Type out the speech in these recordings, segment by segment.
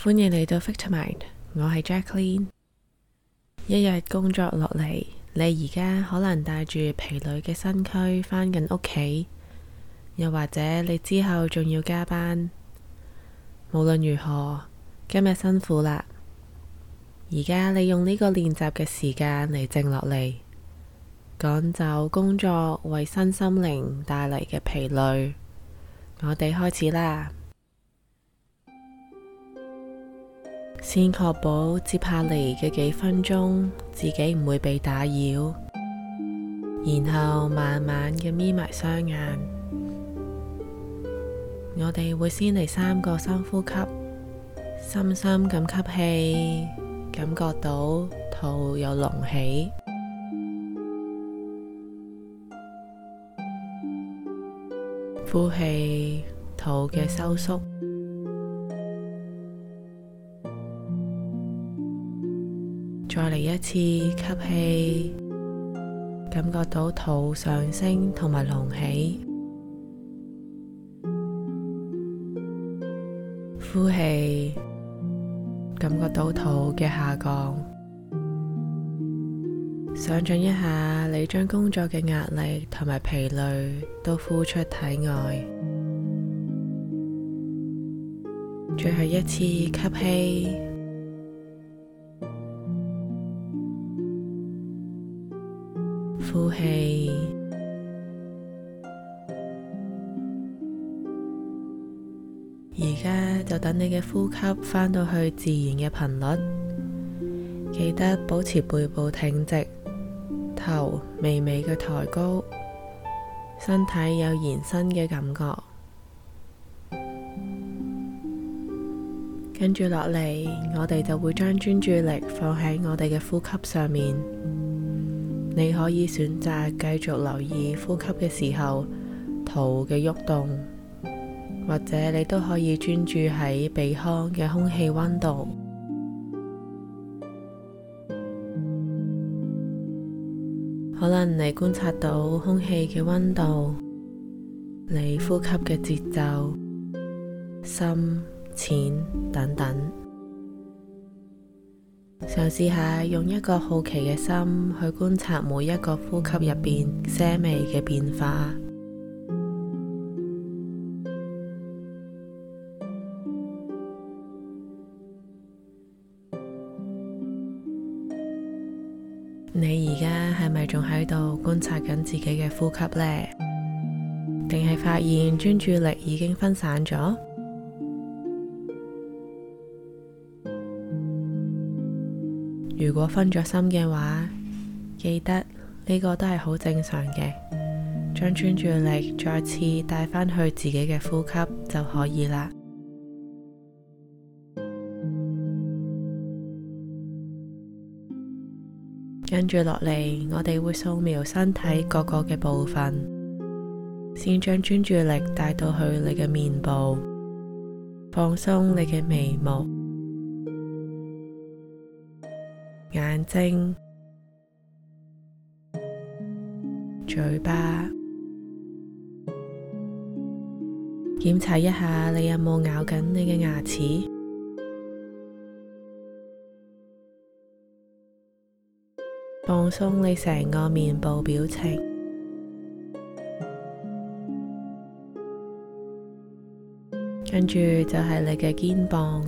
歡迎嚟到 Fiction Mind，我係 Jaclyn。一日工作落嚟，你而家可能帶住疲累嘅身軀返緊屋企，又或者你之後仲要加班。無論如何，今日辛苦啦。而家你用呢個練習嘅時間嚟靜落嚟，趕走工作為身心靈帶嚟嘅疲累。我哋開始啦。先確保接下嚟，嘅幾分鐘自己唔會被打擾，然後慢慢嘅眯埋雙眼。我哋會先嚟三個深呼吸，深深咁吸氣，感覺到肚有隆起，呼氣，肚嘅收縮。再嚟一次吸氣，感覺到肚上升同埋隆起，呼氣，感覺到肚嘅下降。想象一下，你將工作嘅壓力同埋疲累都呼出體外。最後一次吸氣。呼氣，而家就等你嘅呼吸返到去自然嘅頻率。記得保持背部挺直，頭微微嘅抬高，身體有延伸嘅感覺。跟住落嚟，我哋就會將專注力放喺我哋嘅呼吸上面。你可以選擇繼續留意呼吸嘅時候，肚嘅喐動，或者你都可以專注喺鼻腔嘅空氣溫度。可能你觀察到空氣嘅溫度，你呼吸嘅節奏、深淺等等。嘗試下用一個好奇嘅心去觀察每一個呼吸入邊細微嘅變化。 你而家係咪仲喺度觀察緊自己嘅呼吸呢？定係發現專注力已經分散咗？如果分咗心嘅話，記得呢個都係好正常嘅，將專注力再次帶返去自己嘅呼吸就可以啦。跟住落嚟，我哋會掃描身體各個嘅部分，先將專注力帶到去你嘅面部，放鬆你嘅眉毛。睛、嘴巴，檢查一下你有冇咬緊你嘅牙齒，放鬆你成個面部表情，跟住就係你嘅肩膀。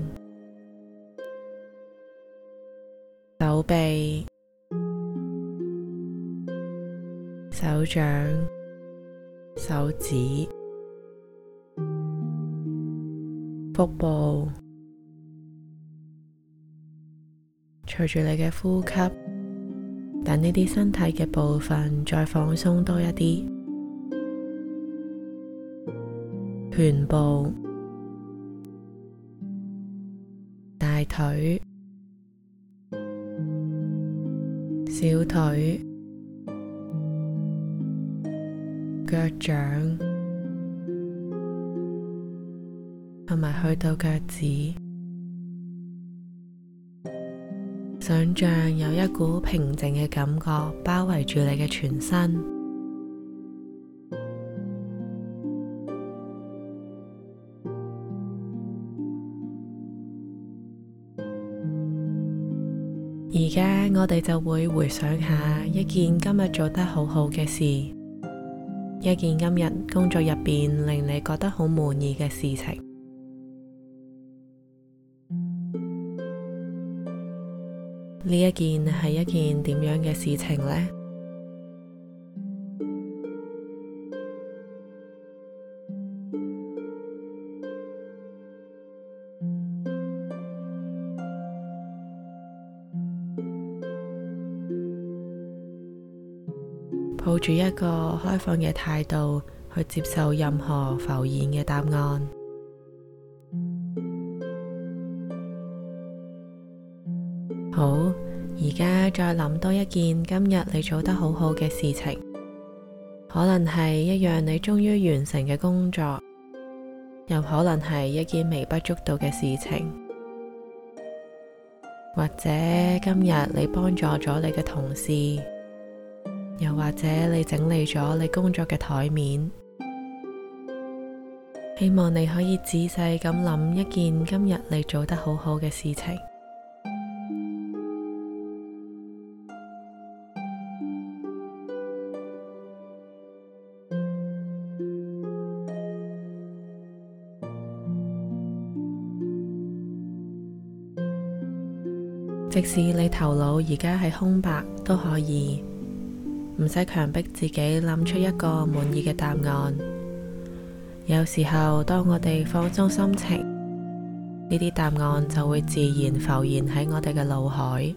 手臂、手掌、手指、腹部，隨住你嘅呼吸，等呢啲身體嘅部分再放鬆多一啲，臀部、大腿。小腿、腳掌，同埋去到腳趾，想像有一股平靜嘅感覺包圍住你嘅全身。我哋就會回想下一件今日做得好好嘅事，一件今日工作入邊令你覺得好滿意嘅事情。呢一件係一件點樣嘅事情呢？抱住一個開放嘅態度，去接受任何浮現嘅答案。好，而家再諗多一件今日你做得好好嘅事情。可能係一樣你終於完成嘅工作，又可能係一件微不足道嘅事情，或者今日你幫助咗你嘅同事。又或者你整理咗你工作嘅枱面，希望你可以仔細咁諗一件今日你做得好好嘅事情。即使你頭腦而家係空白，都可以。唔使強迫自己諗出一個滿意嘅答案。有時候，當我哋放鬆心情，呢啲答案就會自然浮現喺我哋嘅腦海，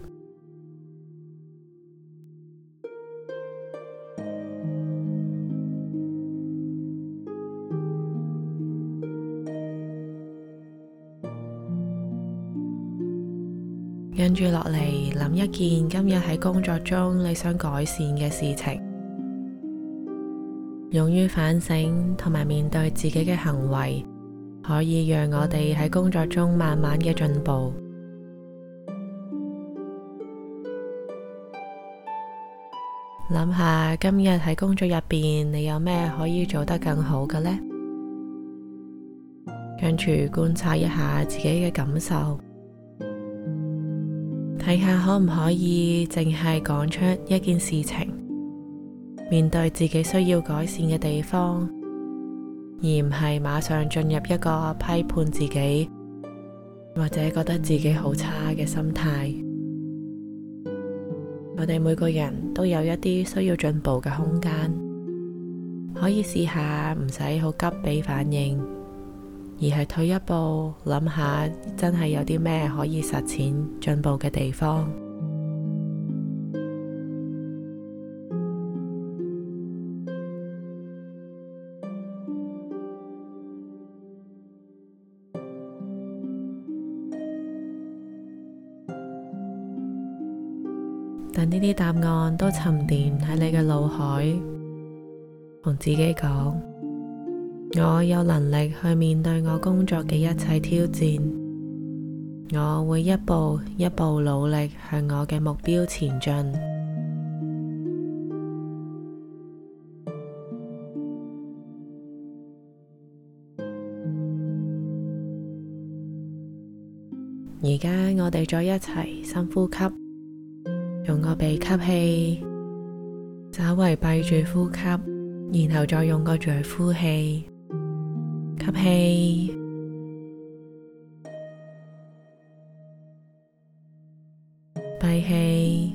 跟住落嚟。一件今日喺工作中你想改善嘅事情，勇於反省同埋面對自己嘅行為，可以讓我哋喺工作中慢慢嘅進步。諗下今日喺工作入邊，你有咩可以做得更好嘅咧？跟住觀察一下自己嘅感受。睇下可唔可以淨係講出一件事情，面對自己需要改善嘅地方，而唔係馬上進入一個批判自己，或者覺得自己好差嘅心態。我哋每個人都有一啲需要進步嘅空間，可以試下唔使好急俾反應。而係退一步，諗下真係有啲咩可以實踐進步嘅地方。但呢啲答案都沉澱喺你嘅腦海，同自己講。我有能力去面對我工作嘅一切挑戰，我會一步一步努力向我嘅目標前進。而家我哋再一齊深呼吸，用個鼻吸氣，稍微閉住呼吸，然後再用個嘴呼氣。吸氣，閉氣，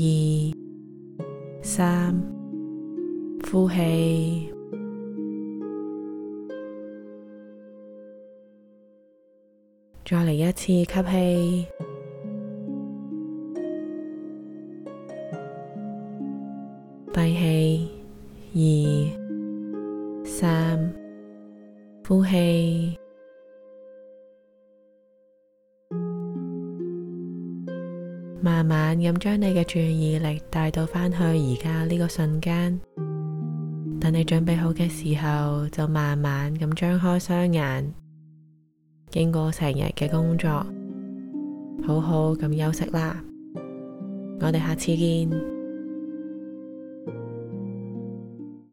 二、三，呼氣，再嚟一次，吸氣，閉氣，二、三。呼氣，慢慢咁將你嘅注意力帶到返去而家呢個瞬間。等你準備好嘅時候，就慢慢咁張開雙眼。經過成日嘅工作，好好咁休息啦。我哋下次見。